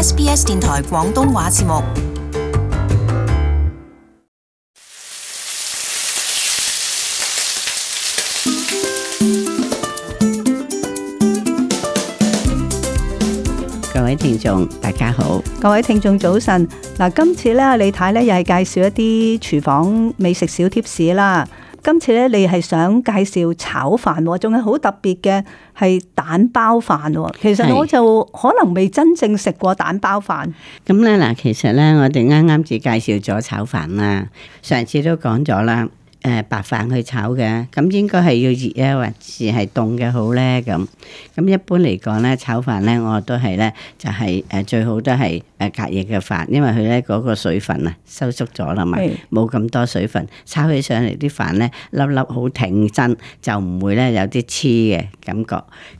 SBS 電台廣東話節目，各位聽眾大家好，各位聽眾早晨。嗱，今次咧，李太咧又係介紹一啲廚房美食小貼士啦。今次咧，你係想介紹炒飯喎，仲有好特別嘅係蛋包飯喎。其實我就可能未真正食過蛋包飯。咁咧嗱，其實咧，我哋啱啱至介紹咗炒飯啦，上次都講咗啦。誒白飯去炒嘅，咁應該係要熱啊，還是係凍嘅好咧？咁咁一般嚟講咧，炒飯咧，我都係咧，就係誒最好都係誒隔夜嘅飯，因為佢咧嗰個水分啊收縮咗啦嘛，冇咁多水分，炒起上嚟啲飯咧粒粒好挺身，就唔會咧有啲黐嘅感覺。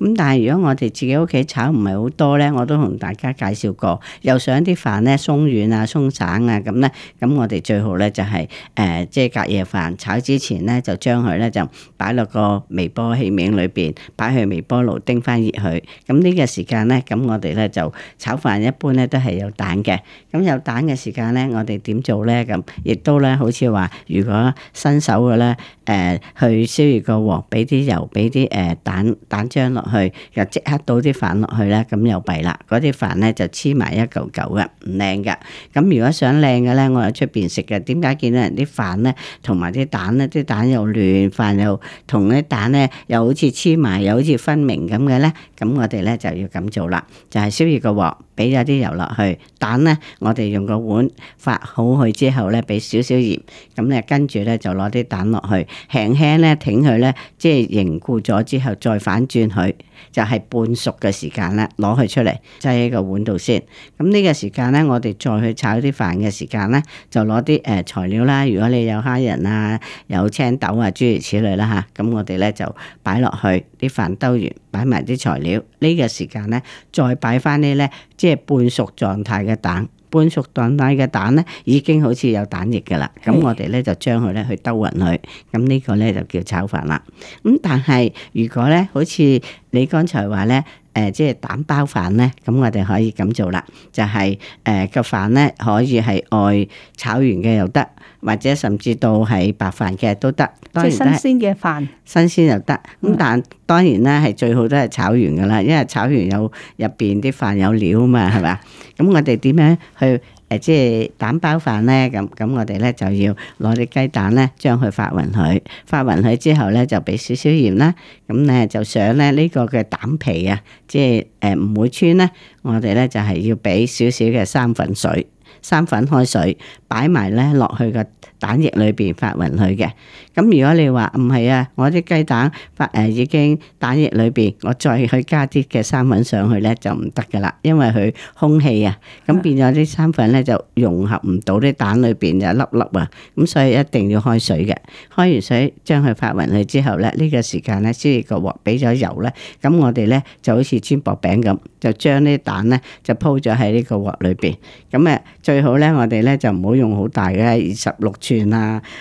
咁但係如果我哋自己屋企炒唔係好多咧，我都同大家介紹過，又想啲飯咧鬆軟啊、鬆散啊咁咧，咁我哋最好咧就係誒即係隔夜飯。炒之前咧，就將佢咧就擺落個微波器皿裏邊，擺去微波爐叮翻熱佢。咁呢個時間咧，咁我哋咧就炒飯一般咧都係有蛋嘅。咁有蛋嘅時間咧，我哋點做咧？咁亦都咧，好似話如果新手嘅咧，誒、呃、去燒熱個鑊，俾啲油，俾啲誒蛋蛋漿落去，又即刻倒啲飯落去咧，咁又弊啦。嗰啲飯咧就黐埋一嚿嚿嘅，唔靚㗎。咁如果想靚嘅咧，我喺出邊食嘅，點解見到人啲飯咧同埋啲蛋？蛋呢啲蛋又嫩，飯又同啲蛋呢又好似黐埋，又好似分明咁嘅呢。咁我哋呢就要咁做啦，就係燒熱個鑊，俾咗啲油落去。蛋呢，我哋用個碗發好佢之後呢，俾少少鹽。咁咧，跟住呢，就攞啲蛋落去，輕輕呢，挺佢呢，即係凝固咗之後再反轉佢，就係半熟嘅時間咧，攞佢出嚟，擠喺個碗度先。咁呢個時間呢，我哋再去炒啲飯嘅時間呢，就攞啲誒材料啦。如果你有蝦仁啊～有青豆啊，諸如此類啦吓，咁我哋咧就擺落去啲飯兜完，擺埋啲材料，呢個時間咧再擺翻啲咧即係半熟狀態嘅蛋，半熟狀態嘅蛋咧已經好似有蛋液噶啦，咁我哋咧就將佢咧去兜匀佢，咁呢是個咧就叫炒飯啦。咁但係如果咧好似你剛才話咧。誒，即係蛋包飯呢，咁我哋可以咁做啦，就係誒個飯呢，可以係外炒完嘅又得，或者甚至到係白飯嘅都得。當然都即係新鮮嘅飯，新鮮又得。咁但當然啦，係最好都係炒完噶啦，因為炒完有入邊啲飯有料啊嘛，係咪？咁的我哋點樣去？誒，即係蛋包飯咧，咁咁我哋咧就要攞啲雞蛋咧，將佢發勻佢，發勻佢之後咧就俾少少鹽啦。咁咧就想咧呢、呢個嘅蛋皮啊，即係誒唔會穿咧，我哋咧就係、係、要俾少少嘅生粉水、生粉開水擺埋咧落去嘅。蛋液裏邊發勻佢嘅，咁如果你話唔係啊，我啲雞蛋發誒已經蛋液裏邊，我再去加啲嘅生粉上去咧就唔得噶啦，因為佢空氣啊，咁變咗啲生粉咧就融合唔到啲蛋裏邊就粒粒啊，咁所以一定要開水嘅，開完水將佢發勻佢之後咧，呢個時間咧先至個鑊俾咗油咧，咁我哋咧就好似煎薄餅咁，就將啲蛋咧就鋪咗喺呢個鑊裏邊，咁誒最好咧我哋咧就唔好用好大嘅二十六寸。寸誒，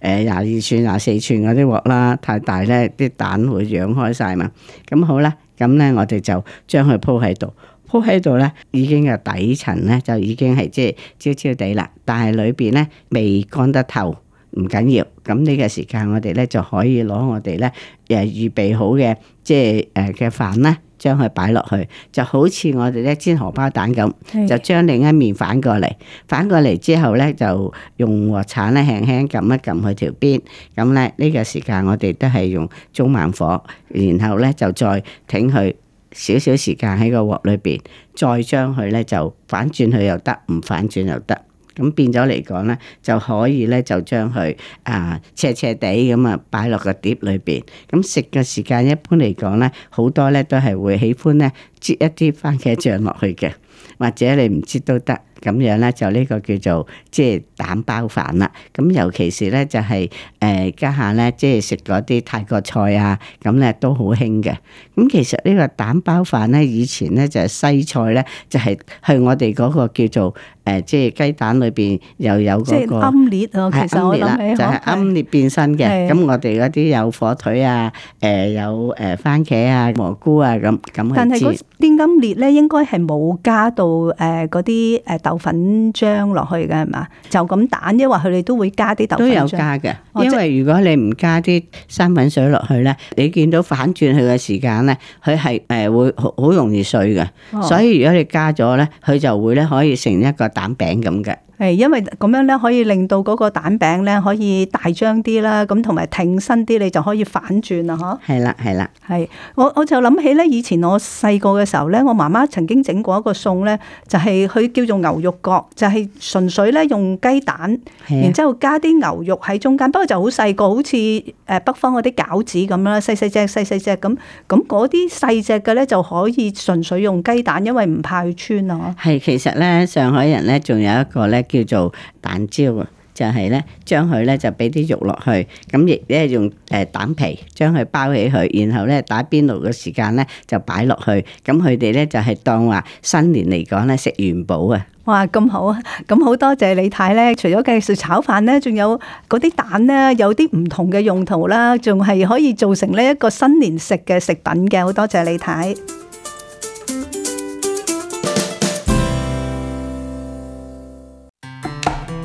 廿二寸、廿四寸嗰啲鑊啦，太大咧，啲蛋會揚開晒嘛。咁好啦，咁咧我哋就將佢鋪喺度，鋪喺度咧，已經嘅底層咧就已經係即係焦焦地啦，但係裏邊咧未乾得透。唔緊要，咁呢個時間我哋咧就可以攞我哋咧誒預備好嘅即係誒嘅飯咧，將佢擺落去，就好似我哋咧煎荷包蛋咁，就將另一面反過嚟，反過嚟之後咧就用鑊鏟咧輕輕撳一撳佢條邊，咁咧呢個時間我哋都係用中慢火，然後咧就再挺佢少少時間喺個鑊裏邊，再將佢咧就反轉佢又得，唔反轉又得。咁變咗嚟講咧，就可以咧就將佢啊斜斜地咁啊擺落個碟裏邊。咁食嘅時間一般嚟講咧，好多咧都係會喜歡咧擠一啲番茄醬落去嘅，或者你唔擠都得。咁樣咧就呢個叫做即係蛋包飯啦。咁尤其是咧就係誒家下咧即係食嗰啲泰國菜啊，咁咧都好興嘅。咁其實呢個蛋包飯咧以前咧就係西菜咧，就係去我哋嗰個叫做誒即係雞蛋裏邊又有嗰個奄列啊。其實我諗就係奄列變身嘅。咁我哋嗰啲有火腿啊、誒有誒番茄啊、蘑菇啊咁咁。但係啲奄列咧應該係冇加到誒嗰啲誒。豆粉漿落去嘅係嘛？就咁蛋，因為佢哋都會加啲豆粉漿，都有加嘅，哦、因為如果你唔加啲生粉水落去咧，你見到反轉佢嘅時間咧，佢係誒會好容易碎嘅。哦、所以如果你加咗咧，佢就會咧可以成一個蛋餅咁嘅。誒，因為咁樣咧，可以令到嗰個蛋餅咧可以大張啲啦，咁同埋挺身啲，你就可以反轉啊！嗬，係啦，係啦，係。我我就諗起咧，以前我細個嘅時候咧，我媽媽曾經整過一個餸咧，就係、是、佢叫做牛肉角，就係、是、純粹咧用雞蛋，的然之後加啲牛肉喺中間。不過就好細個，好似誒北方嗰啲餃子咁啦，細細隻、細細隻咁。咁嗰啲細隻嘅咧，那那就可以純粹用雞蛋，因為唔怕穿啊！嗬。係，其實咧，上海人咧，仲有一個咧。叫做蛋焦啊，就係咧將佢咧就俾啲肉落去，咁亦咧用誒蛋皮將佢包起佢，然後咧打邊爐嘅時間咧就擺落去，咁佢哋咧就係當話新年嚟講咧食元寶啊！哇，咁好啊！咁好多謝李太咧，除咗繼續炒飯咧，仲有嗰啲蛋咧有啲唔同嘅用途啦，仲係可以做成呢一個新年食嘅食品嘅，好多謝李太。